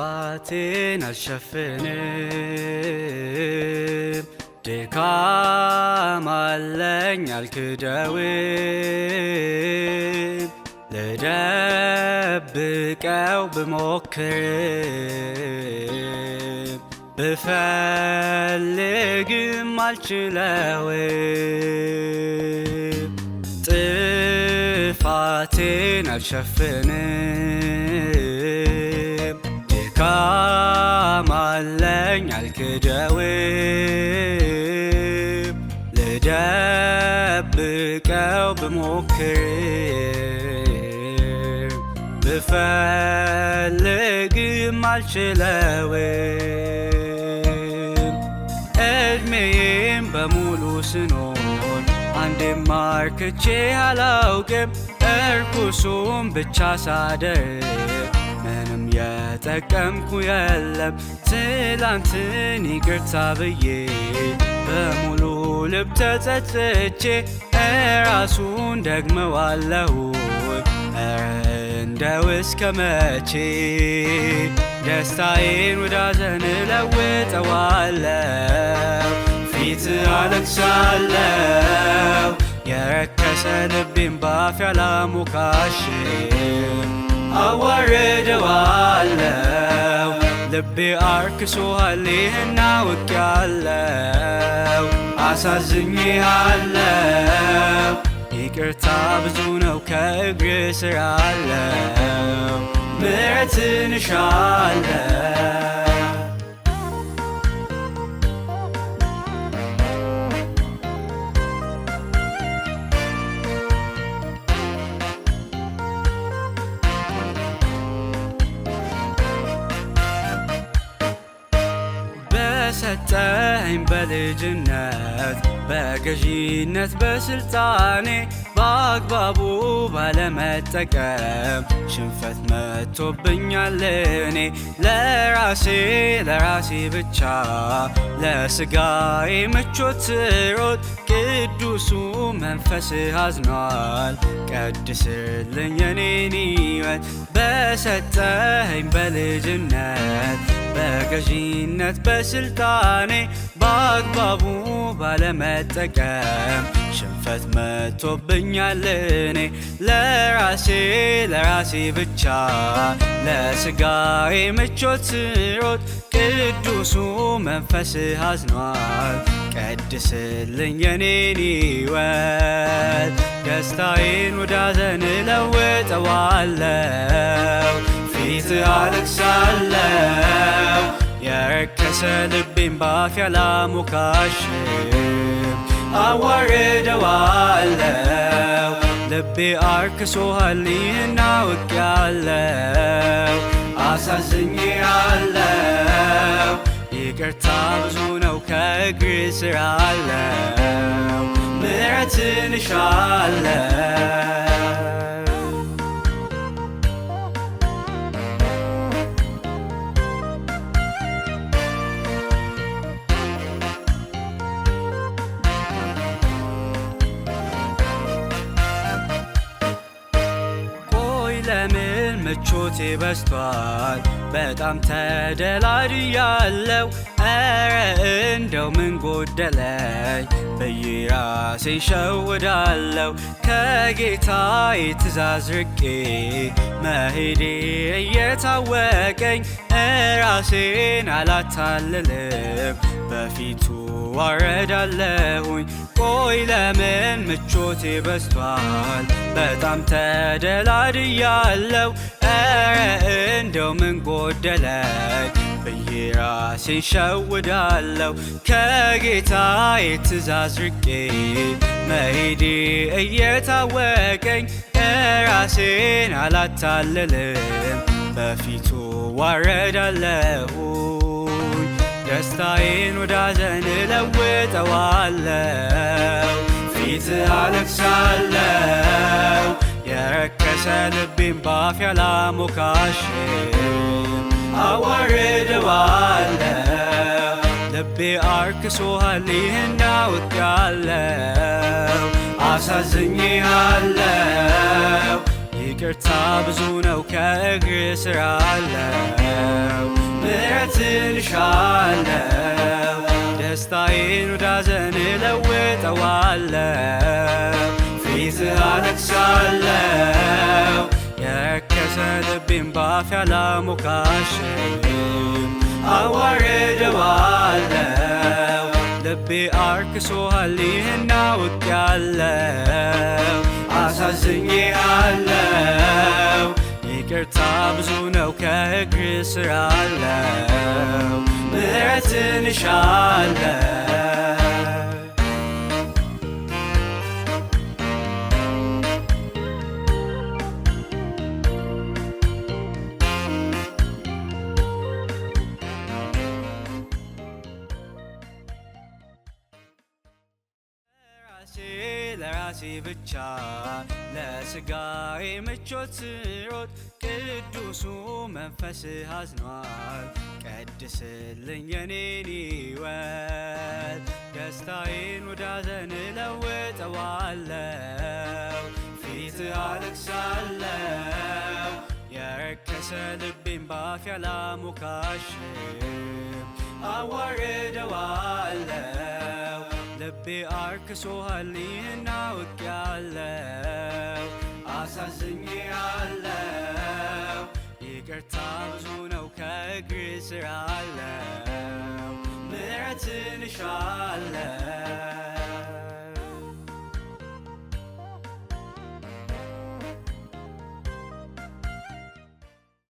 ጥፋቴን አልሸፍንም ድካም አለኝ አልክደውም ልደብቀው ብሞክርም ብፈልግም አልችለውም ጥፋቴን አልሸፍንም እንዳለኝ አልክደውም ልደብቀው ብሞክር ብፈልግም አልችለውም እድሜም በሙሉ ስኖር አንዴም ማርክቼ አላውቅም እርኩሱም ብቻ ሳደር የጠቀምኩ የለም ትላንትን ይቅርታ ብዬ በሙሉ ልብ ተጸጽቼ እራሱን ደግመዋለሁ እንደው እስከ መቼ ደስታዬን ወዳዘን ሐዘን ፊት አለቅሳለሁ የረከሰ ልቤን ባፍ አላሞካሽም ልቤ አርክሶሃል ይህን አውቄያለሁ፣ አሳዝኜሃለሁ። ይቅርታ ብዙ ነው ከእግር ስር አለው ምሕረትን እሻለሁ በሰጠኝ በልጅነት በገዢነት በስልጣኔ በአግባቡ ባለመጠቀም ሽንፈት መጥቶብኛል። እኔ ለራሴ ለራሴ ብቻ ለስጋዬ ምቾት ሮት ቅዱሱ መንፈስ አዝኗል። ቀድስልኝ የኔን ሕይወት በሰጠኝ በልጅነት በገዢነት በስልጣኔ በአግባቡ ባለመጠቀም ሽንፈት መጥቶብኛል። እኔ ለራሴ ለራሴ ብቻ ለስጋዬ ምቾት ስሮጥ ቅዱሱ መንፈስህ አዝኗል። ቀድስልኝ የኔን ሕይወት ደስታዬን ወደ ሐዘን እለውጠዋለሁ ፊት አለቅሳለሁ ነቀሰ ልቤን ባፌ አላሞካሽም አዋርደዋለው ልቤ አርክሶሃል ይህን አሳዝኝ አለው ይቅርታ ብዙ ነው ከእግር ስር አለው ምሕረትን እሻለው ለምን ምቾት ይበስቷል። በጣም ተደላድያለው ኧረ እንደው ምን ጎደለኝ ብዬ ራሴን ሸውዳለው ከጌታዬ ትእዛዝ ርቄ መሄዴ እየታወቀኝ ራሴን አላታልልም በፊቱ አረዳለሁኝ ቆይ ለምን ምቾቴ ይበስቷል! በጣም ተደላድያለው። እረ እንደው ምን ጎደለኝ ብዬ ራሴን ሸውዳለው። ከጌታ የትዛዝ ርቄ መሄዴ እየታወቀኝ ራሴን አላታልልም በፊቱ ዋረዳለሁ። ደስታዬን ወደ ሐዘን እለውጠዋለሁ፣ ፊት አለቅሳለሁ፣ የረከሰ ልቤን ባፌ አላሞካሽም አዋርደዋለሁ። ልቤ አርክሶሃል ይህን አውቃለሁ፣ አሳዝኜሃለሁ፣ ይቅርታ ብዙ ነው ከእግር ስራለው እልሻለሁ ደስታዬን ወዳዘን እለውጠዋለሁ ፊትህ አነግሳለሁ የከሰ ልቤን ባፌ አላሞካሽም አዋርደዋለሁ ልቤ አርክሶሃል ይህን አውቄያለሁ አሳዝኜ ይቅርታ ብዙ ነው ከእግር ስራ አለው ምህረት ትንሽ አለ ለራሴ ለራሴ ብቻ ለስጋዬ ምቾት ስሮት! ቅዱሱ መንፈስ አዝኗል። ቀድስልኝ የኔን ሕይወት ደስታዬን ወዳዘን እለውጠዋለሁ። ፊት አለቅሳለሁ የረከሰ ልቤን ባፌ አላሞካሽም። አርክሶሃል፣ ይህን አውቄያለሁ፣ አሳዝኜአለሁ። ይቅርታ ብዙ ነው ከእግር ስራ